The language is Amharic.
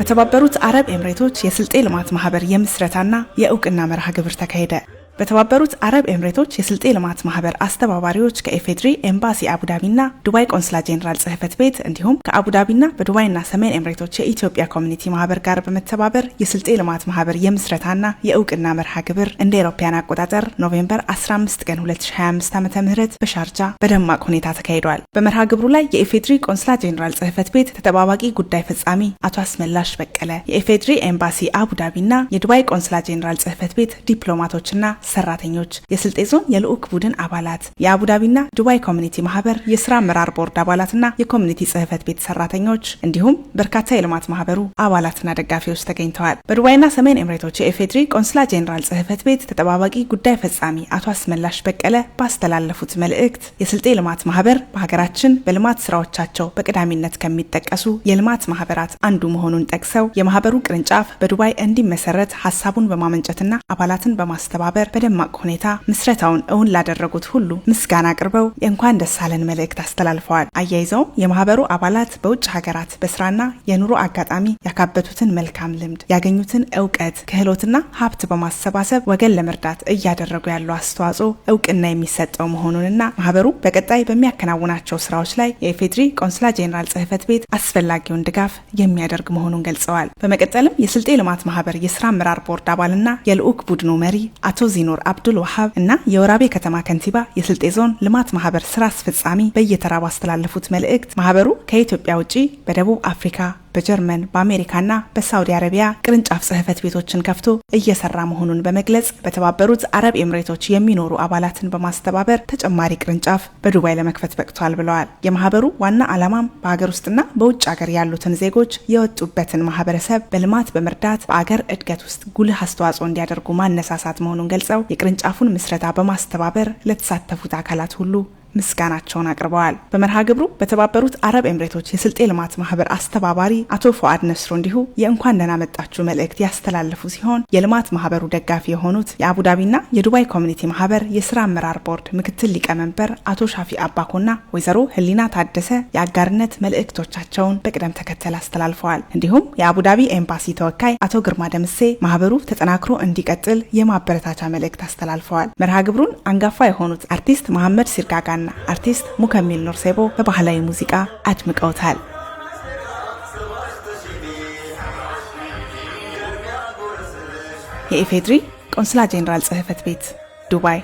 በተባበሩት አረብ ኤምሬቶች የስልጤ ልማት ማህበር የምስረታና የእውቅና መርሃ ግብር ተካሄደ። በተባበሩት አረብ ኤምሬቶች የስልጤ ልማት ማህበር አስተባባሪዎች ከኤፌድሪ ኤምባሲ አቡዳቢና ዱባይ ቆንስላ ጄኔራል ጽህፈት ቤት እንዲሁም ከአቡዳቢና በዱባይና ሰሜን ኤምሬቶች የኢትዮጵያ ኮሚኒቲ ማህበር ጋር በመተባበር የስልጤ ልማት ማህበር የምስረታና የእውቅና መርሃ ግብር እንደ ኤሮፓያን አቆጣጠር ኖቬምበር 15 ቀን 2025 ዓ ም በሻርጃ በደማቅ ሁኔታ ተካሂዷል። በመርሃ ግብሩ ላይ የኤፌድሪ ቆንስላ ጄኔራል ጽህፈት ቤት ተጠባባቂ ጉዳይ ፈጻሚ አቶ አስመላሽ በቀለ፣ የኤፌድሪ ኤምባሲ አቡዳቢና የዱባይ ቆንስላ ጄኔራል ጽህፈት ቤት ዲፕሎማቶችና ሰራተኞች፣ የስልጤ ዞን የልዑክ ቡድን አባላት፣ የአቡዳቢና ዱባይ ኮሚኒቲ ማህበር የስራ አመራር ቦርድ አባላትና የኮሚኒቲ ጽህፈት ቤት ሰራተኞች እንዲሁም በርካታ የልማት ማህበሩ አባላትና ደጋፊዎች ተገኝተዋል። በዱባይና ሰሜን ኤምሬቶች የኢፌድሪ ቆንስላ ጄኔራል ጽህፈት ቤት ተጠባባቂ ጉዳይ ፈጻሚ አቶ አስመላሽ በቀለ ባስተላለፉት መልእክት የስልጤ ልማት ማህበር በሀገራችን በልማት ስራዎቻቸው በቀዳሚነት ከሚጠቀሱ የልማት ማህበራት አንዱ መሆኑን ጠቅሰው የማህበሩ ቅርንጫፍ በዱባይ እንዲመሰረት ሀሳቡን በማመንጨትና አባላትን በማስተባበር በደማቅ ሁኔታ ምስረታውን እውን ላደረጉት ሁሉ ምስጋና አቅርበው የእንኳን ደስ አለን መልእክት አስተላልፈዋል። አያይዘውም የማህበሩ አባላት በውጭ ሀገራት በስራና የኑሮ አጋጣሚ ያካበቱትን መልካም ልምድ ያገኙትን እውቀት፣ ክህሎትና ሀብት በማሰባሰብ ወገን ለመርዳት እያደረጉ ያለው አስተዋጽኦ እውቅና የሚሰጠው መሆኑንና ማህበሩ በቀጣይ በሚያከናውናቸው ስራዎች ላይ የኢፌድሪ ቆንስላ ጄኔራል ጽህፈት ቤት አስፈላጊውን ድጋፍ የሚያደርግ መሆኑን ገልጸዋል። በመቀጠልም የስልጤ ልማት ማህበር የስራ አመራር ቦርድ አባልና የልዑክ ቡድኑ መሪ አቶ ዚ ዚኖር አብዱል ወሃብ እና የወራቤ ከተማ ከንቲባ የስልጤ ዞን ልማት ማህበር ስራ አስፈጻሚ በየተራ ባስተላለፉት መልእክት ማህበሩ ከኢትዮጵያ ውጪ በደቡብ አፍሪካ በጀርመን በአሜሪካና በሳውዲ አረቢያ ቅርንጫፍ ጽህፈት ቤቶችን ከፍቶ እየሰራ መሆኑን በመግለጽ በተባበሩት አረብ ኤምሬቶች የሚኖሩ አባላትን በማስተባበር ተጨማሪ ቅርንጫፍ በዱባይ ለመክፈት በቅቷል ብለዋል። የማህበሩ ዋና ዓላማም በሀገር ውስጥና በውጭ ሀገር ያሉትን ዜጎች የወጡበትን ማህበረሰብ በልማት በመርዳት በአገር እድገት ውስጥ ጉልህ አስተዋጽኦ እንዲያደርጉ ማነሳሳት መሆኑን ገልጸው የቅርንጫፉን ምስረታ በማስተባበር ለተሳተፉት አካላት ሁሉ ምስጋናቸውን አቅርበዋል። በመርሃ ግብሩ በተባበሩት አረብ ኤምሬቶች የስልጤ ልማት ማህበር አስተባባሪ አቶ ፎአድ ነስሮ እንዲሁ የእንኳን ደህና መጣችሁ መልእክት ያስተላለፉ ሲሆን የልማት ማህበሩ ደጋፊ የሆኑት የአቡዳቢና የዱባይ ኮሚኒቲ ማህበር የስራ አመራር ቦርድ ምክትል ሊቀመንበር አቶ ሻፊ አባኮና ወይዘሮ ህሊና ታደሰ የአጋርነት መልእክቶቻቸውን በቅደም ተከተል አስተላልፈዋል። እንዲሁም የአቡዳቢ ኤምባሲ ተወካይ አቶ ግርማ ደምሴ ማህበሩ ተጠናክሮ እንዲቀጥል የማበረታቻ መልእክት አስተላልፈዋል። መርሃ ግብሩን አንጋፋ የሆኑት አርቲስት መሐመድ ሲርጋጋ ሙዚቃና አርቲስት ሙከሚል ኖርሴቦ በባህላዊ ሙዚቃ አድምቀውታል። የኢፌድሪ ቆንስላ ጄኔራል ጽሕፈት ቤት ዱባይ